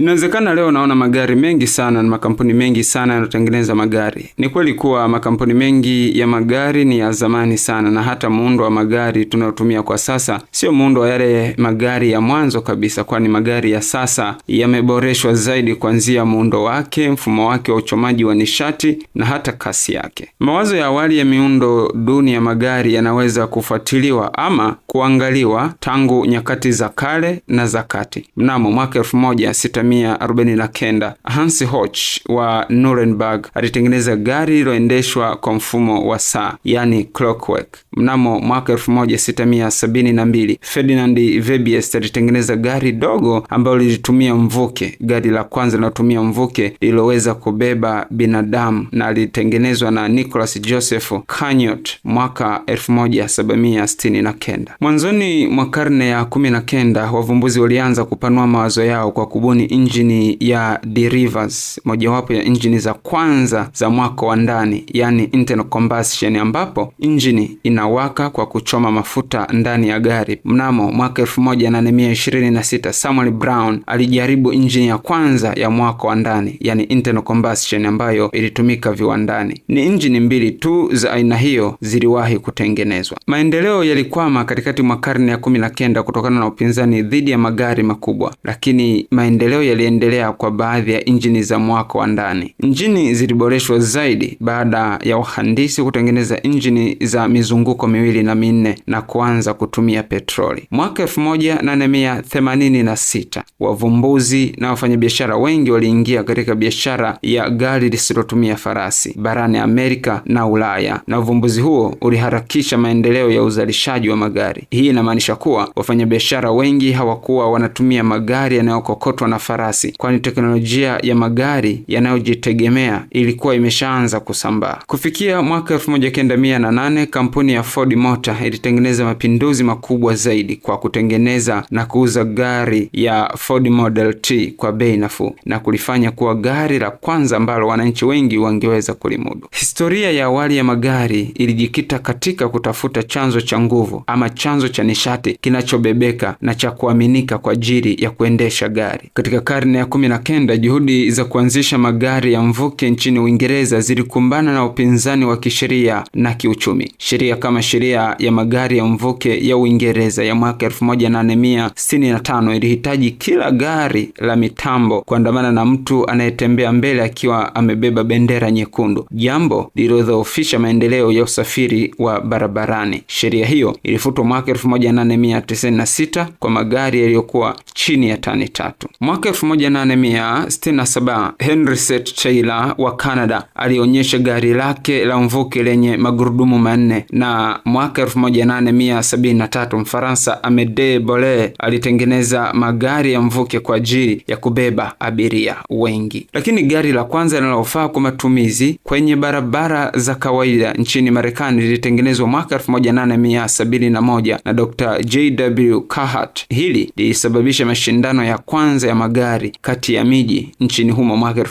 Inawezekana leo naona magari mengi sana na makampuni mengi sana yanatengeneza magari. Ni kweli kuwa makampuni mengi ya magari ni ya zamani sana, na hata muundo wa magari tunayotumia kwa sasa sio muundo wa yale magari ya mwanzo kabisa, kwani magari ya sasa yameboreshwa zaidi kuanzia muundo wake, mfumo wake wa uchomaji wa nishati na hata kasi yake. Mawazo ya awali ya miundo duni ya magari yanaweza kufuatiliwa ama kuangaliwa tangu nyakati za kale na za kati. Mnamo mwaka 1600 1949. Hans Hoch wa Nuremberg alitengeneza gari liloendeshwa kwa mfumo wa saa, yani clockwork. Mnamo mwaka 1672 Ferdinand verbies alitengeneza gari dogo ambalo lilitumia mvuke, gari la kwanza linalotumia mvuke lililoweza kubeba binadamu, na lilitengenezwa na Nicholas Joseph canyot mwaka 1769. Mwanzoni mwa karne ya 19 wavumbuzi walianza kupanua mawazo yao kwa kubuni injini ya derivers mojawapo ya injini za kwanza za mwako wa ndani, yani internal combustion, ambapo injini inawaka kwa kuchoma mafuta ndani ya gari. Mnamo mwaka 1826 Samuel Brown alijaribu injini ya kwanza ya mwako wa ndani, yani internal combustion, ambayo ilitumika viwandani. Ni injini mbili tu za aina hiyo ziliwahi kutengenezwa. Maendeleo yalikwama katikati mwa karne ya 19 kutokana na upinzani dhidi ya magari makubwa, lakini maendeleo maendeleo yaliendelea kwa baadhi ya injini za mwako wa ndani. Injini ziliboreshwa zaidi baada ya wahandisi kutengeneza injini za mizunguko miwili na minne na kuanza kutumia petroli. Mwaka 1886 wavumbuzi na wafanyabiashara wengi waliingia katika biashara ya gari lisilotumia farasi barani Amerika na Ulaya, na uvumbuzi huo uliharakisha maendeleo ya uzalishaji wa magari. Hii inamaanisha kuwa wafanyabiashara wengi hawakuwa wanatumia magari yanayokokotwa na farasi, kwani teknolojia ya magari yanayojitegemea ilikuwa imeshaanza kusambaa. Kufikia mwaka nane kampuni ya Ford Motor ilitengeneza mapinduzi makubwa zaidi kwa kutengeneza na kuuza gari ya Ford Model T kwa bei nafuu na kulifanya kuwa gari la kwanza ambalo wananchi wengi wangeweza kulimudu. Historia ya awali ya magari ilijikita katika kutafuta chanzo cha nguvu ama chanzo cha nishati kinachobebeka na cha kuaminika kwa ajili ya kuendesha gari. Katika ya karne ya kumi na kenda, juhudi za kuanzisha magari ya mvuke nchini Uingereza zilikumbana na upinzani wa kisheria na kiuchumi. Sheria kama sheria ya magari ya mvuke ya Uingereza ya mwaka 1865 ilihitaji kila gari la mitambo kuandamana na mtu anayetembea mbele akiwa amebeba bendera nyekundu, jambo lililodhoofisha maendeleo ya usafiri wa barabarani. Sheria hiyo ilifutwa mwaka 1896 kwa magari yaliyokuwa chini ya tani tatu. Mwaka 1867 Henry Henriset Taylor wa Canada alionyesha gari lake la mvuke lenye magurudumu manne, na mwaka 1873 Mfaransa Amede Bole alitengeneza magari ya mvuke kwa ajili ya kubeba abiria wengi, lakini gari la kwanza linalofaa kwa matumizi kwenye barabara za kawaida nchini Marekani lilitengenezwa mwaka 1871 na Dr. J.W. Carhart. Hili lilisababisha mashindano ya kwanza ya magari magari kati ya miji nchini humo mwaka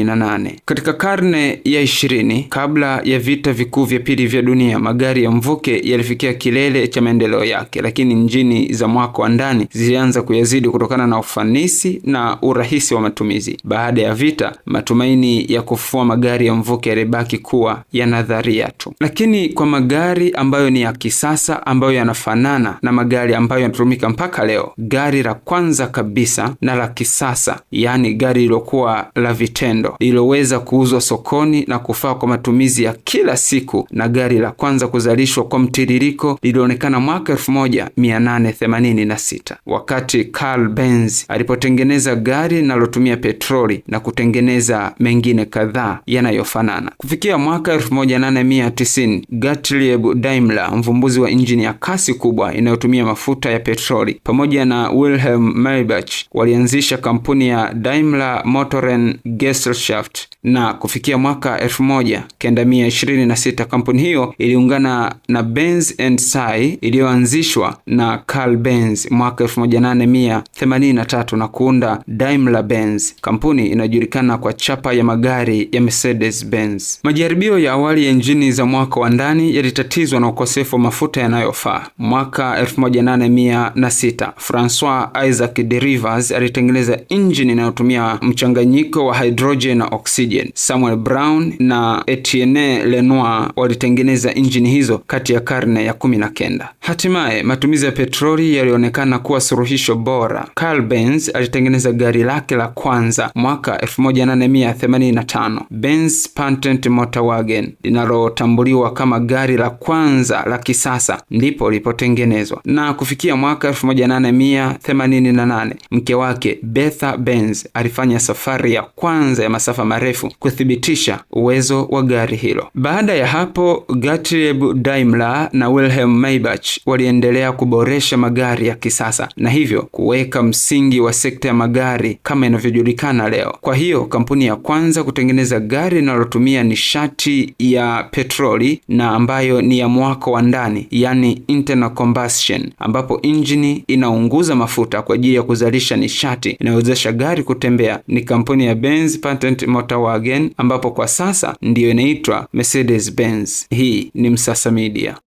nane. Katika karne ya ishirini, kabla ya vita vikuu vya pili vya dunia, magari ya mvuke yalifikia kilele cha maendeleo yake, lakini injini za mwako wa ndani zilianza kuyazidi kutokana na ufanisi na urahisi wa matumizi. Baada ya vita, matumaini ya kufua magari ya mvuke yalibaki kuwa ya nadharia tu, lakini kwa magari ambayo ni ya kisasa, ambayo yanafanana na magari ambayo yanatumika mpaka leo, gari la kwanza kabisa kabisa na la kisasa, yaani gari lilokuwa la vitendo lililoweza kuuzwa sokoni na kufaa kwa matumizi ya kila siku, na gari la kwanza kuzalishwa kwa mtiririko lilionekana mwaka 1886 wakati Karl Benz alipotengeneza gari linalotumia petroli na kutengeneza mengine kadhaa yanayofanana. Kufikia mwaka 1890 Gottlieb Daimler, mvumbuzi wa injini ya kasi kubwa inayotumia mafuta ya petroli, pamoja na Wilhelm Maybach Research walianzisha kampuni ya Daimler Motoren Gesellschaft na kufikia mwaka 1926 kampuni hiyo iliungana na Benz and Sai iliyoanzishwa na Carl Benz mwaka 1883 na kuunda Daimler Benz. Kampuni inajulikana kwa chapa ya magari ya Mercedes Benz. Majaribio ya awali ya injini za mwaka wa ndani yalitatizwa na ukosefu wa mafuta yanayofaa. Mwaka 1806 Francois Isaac Deri Rivers alitengeneza injini inayotumia mchanganyiko wa hydrogen na oxygen. Samuel Brown na Etienne Lenoir walitengeneza injini hizo kati ya karne ya kumi na kenda. Hatimaye matumizi ya petroli yalionekana kuwa suluhisho bora. Carl Benz alitengeneza gari lake la kwanza mwaka 1885, Benz Patent Motor Wagen, linalotambuliwa kama gari la kwanza la kisasa, ndipo lilipotengenezwa na kufikia mwaka 1888 Marekani. Mke wake Betha Benz alifanya safari ya kwanza ya masafa marefu kuthibitisha uwezo wa gari hilo. Baada ya hapo, Gottlieb Daimler na Wilhelm Maybach waliendelea kuboresha magari ya kisasa na hivyo kuweka msingi wa sekta ya magari kama inavyojulikana leo. Kwa hiyo kampuni ya kwanza kutengeneza gari linalotumia nishati ya petroli na ambayo ni ya mwako wa ndani, yani internal combustion, ambapo injini inaunguza mafuta kwa ajili ya kuzalisha nishati inayowezesha gari kutembea ni kampuni ya Benz Patent Motorwagen ambapo kwa sasa ndiyo inaitwa Mercedes Benz. Hii ni Msasa Media.